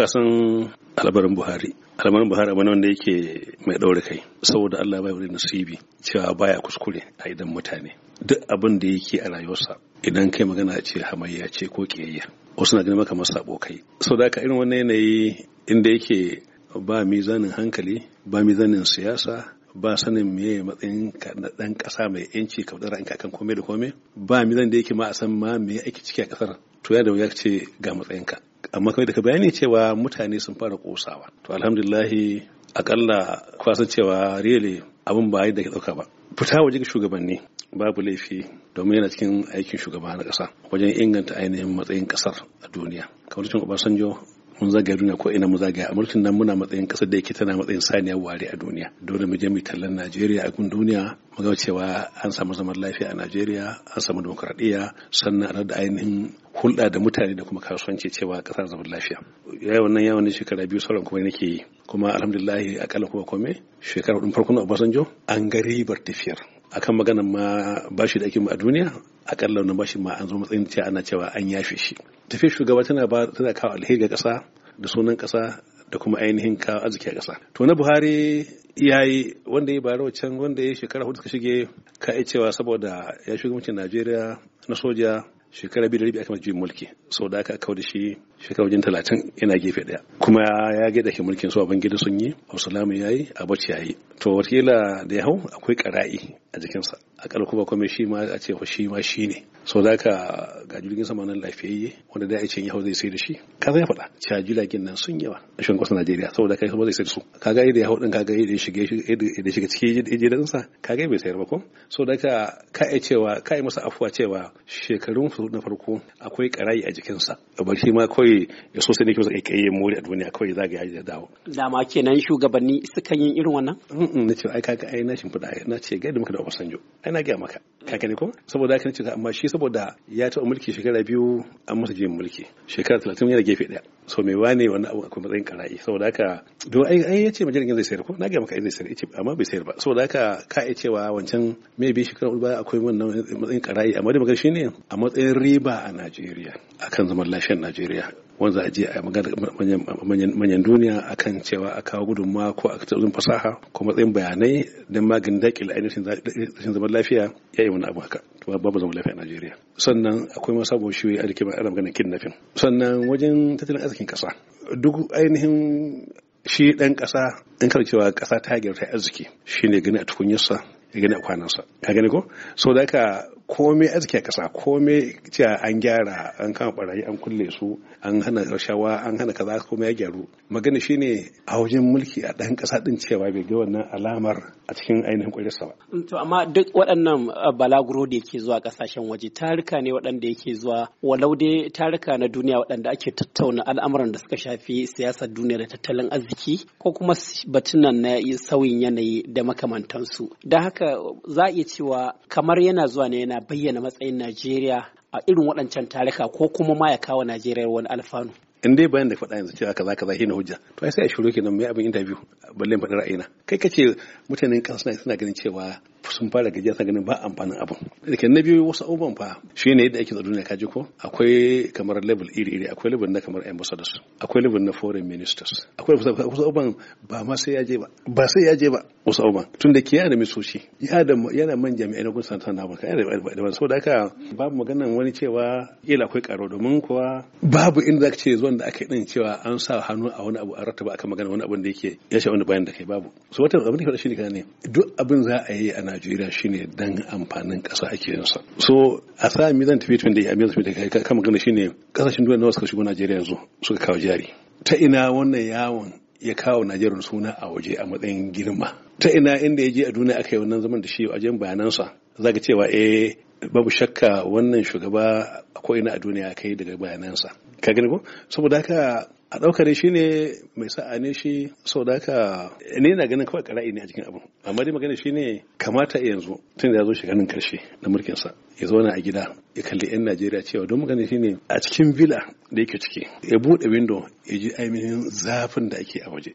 kasan albarin buhari almarin buhari abu ne wanda yake mai ɗaure kai saboda allah bai wani nasibi cewa baya kuskure a idan mutane duk abin da yake a rayuwarsa idan kai magana ce hamayya ce ko kiyayya wasu na ganin maka sabo Sau saboda haka irin wannan yanayi inda yake ba mizanin hankali ba mizanin siyasa ba sanin meye matsayin na ɗan kasa mai yanci ka fadar ranka kan kome da kome, ba mizan da yake ma a san ma me ake ciki a ƙasar? to ya da wuya ce ga matsayinka amma kawai daga bayani cewa mutane sun fara kosawa to alhamdulillahi akalla kwasan cewa really abin ba yadda ke dauka ba fita waje ga shugabanni babu laifi domin yana cikin aikin shugaba na ƙasa wajen inganta ainihin matsayin ƙasar a duniya kamar cikin obasanjo mun zagaya duniya ko ina mu zagaya a mulkin nan muna matsayin kasar da yake tana matsayin saniya ware a duniya dole mu je mu tallan najeriya a gun duniya mu ga cewa an samu zaman lafiya a najeriya an samu demokradiyya sannan a da ainihin hulɗa da mutane da kuma kasuwanci cewa ƙasar zaman lafiya yawan nan yawan shekara biyu sauran kuma nake yi kuma alhamdulillah akalla kuma kome shekara hudun farkon obasanjo an ga ribar tafiyar akan maganar ma bashi da ake mu a duniya akalla wannan bashi ma an zo matsayin cewa ana cewa an yafe shi tafiyar shugaba tana ba tana kawo alheri ga ƙasa da sunan ƙasa da kuma ainihin kawo arziki a ƙasa. To na Buhari ya yi wanda ya bayar wancan wanda ya shekara hudu suka shige ka iya cewa saboda ya shugabancin Najeriya na soja shekara biyu da rabi aka mace mulki sau da aka kawo da shi Shekaru wajen talatin ina gefe ɗaya kuma ya gaida ke mulkin su a bangida sun yi absulamu ya yi abaci ya yi to wakila da ya hau akwai kara'i a jikinsa akalla kuma kuma shi ma a ce shi ma shi ne so da ka ga jirgin sama nan lafiyayye wanda da ya ce ya hau zai sai da shi ka zai faɗa cewa jiragen nan sun yawa a shugaban ƙasar najeriya saboda kai kuma zai sai da su Ka ga yadda ya hau ɗin ka yadda ya shiga yadda shiga cikin ka kaga bai sayar ba ko so da ka ka cewa ka masa afuwa cewa shekarun na farko akwai karayi a jikinsa ba shi ma kawai kawai ya so sai ne kyau kai mori a duniya kawai za ga da dawo dama kenan shugabanni suka yin irin wannan na ce ai kaga ai na shimfiɗa na ce ga da muka da jo ai na ga maka kaka ne ko saboda haka ce amma shi saboda ya taɓa mulki shekara biyu an masa jin mulki shekara talatin yana gefe ɗaya so me wane wannan abu akwai matsayin kara'i saboda haka don ai ai yace ma jirgin zai sayar ko na ga maka zai sayar yace amma bai sayar ba saboda haka ka iya cewa wancan me bi shekara uku baya akwai wannan matsayin kara'i amma da magana shine a matsayin riba a Najeriya akan zaman lafiyar Najeriya wanda za a je a magana manyan duniya a kan cewa a kawo gudunmawa ko a tattalin fasaha ko matsayin bayanai don maganin daƙi ainihin rashin zaman lafiya ya yi wani abu haka to babu zama lafiya a Najeriya sannan akwai masu abubuwa shi a jikin ana maganin kidnapping sannan wajen tattalin arzikin ƙasa duk ainihin shi ɗan ƙasa ɗan kar cewa ƙasa ta gyara ta arziki shine gani a tukunyarsa ya gani a kwanansa ka gani ko so da ka. komai arziki kasa komai cewa an gyara an kama barayi an kulle su an hana shawa an hana kaza komai ya gyaru magana shine a wajen mulki a ɗan kasa din cewa bai ga wannan alamar a cikin ainihin ƙwararsa ba. Mm, to amma duk waɗannan uh, balaguro da yake zuwa ƙasashen waje tarika ne waɗanda yake zuwa walau dai tarika na duniya waɗanda ake tattauna al'amuran da suka shafi siyasar duniya da tattalin arziki ko kuma batunan na sauyin yanayi da makamantansu da haka za a iya cewa kamar yana zuwa ne yana bayyana matsayin Najeriya a irin waɗancan tarika ko kuma ma ya kawo Najeriya wani alfanu. in dai bayan da faɗa yanzu cewa kaza kaza na hujja to ai sai a shiru kenan mai abin interview balle faɗi ra'ayina kai kace mutanen ƙasa suna ganin cewa sun fara gajiya sa ganin ba amfanin abin da na biyu wasu abubuwan fa shi ne yadda ake tsaro ne kaji ko akwai kamar level iri iri akwai level na kamar ambassadors akwai level na foreign ministers akwai wasu abubuwan ba ma sai ya je ba ba sai ya je ba wasu abubuwan tun da ke yana misoshi yana man jami'ai na gudunar ta ba yana da ban saboda haka babu maganan wani cewa kila akwai karo domin kuwa babu inda zaka ce zuwan da aka yi din cewa an sa hannu a wani abu an rattaba aka magana wani abu da yake ya sha wani bayan da kai babu so wata abin da ke shi ne duk abin za a yi ana Najeriya shine dan amfanin ƙasa ake yin sa so a sa zan tafi tun da amir tafi da kama gani shine kasashen duniya nawa suka shigo Najeriya yanzu suka kawo jari ta ina wannan yawon ya kawo Najeriya suna a waje a matsayin girma ta ina inda ya je a duniya aka yi wannan zaman da shi a bayanan bayanansa zaka cewa eh babu shakka wannan shugaba ko ina a duniya kai daga bayanansa ka gani ko saboda haka a ɗaukar shi ne mai sa'a ne shi sau da haka ne na ganin kawai kara'i ne a cikin abin amma dai magana shi ne kamata yanzu tun da ya zo shekarun karshe na mulkin sa. ya zauna a gida ya kalli 'yan najeriya cewa don magana shi ne a cikin villa da yake ciki ya buɗe window ya ji ainihin zafin da ake a waje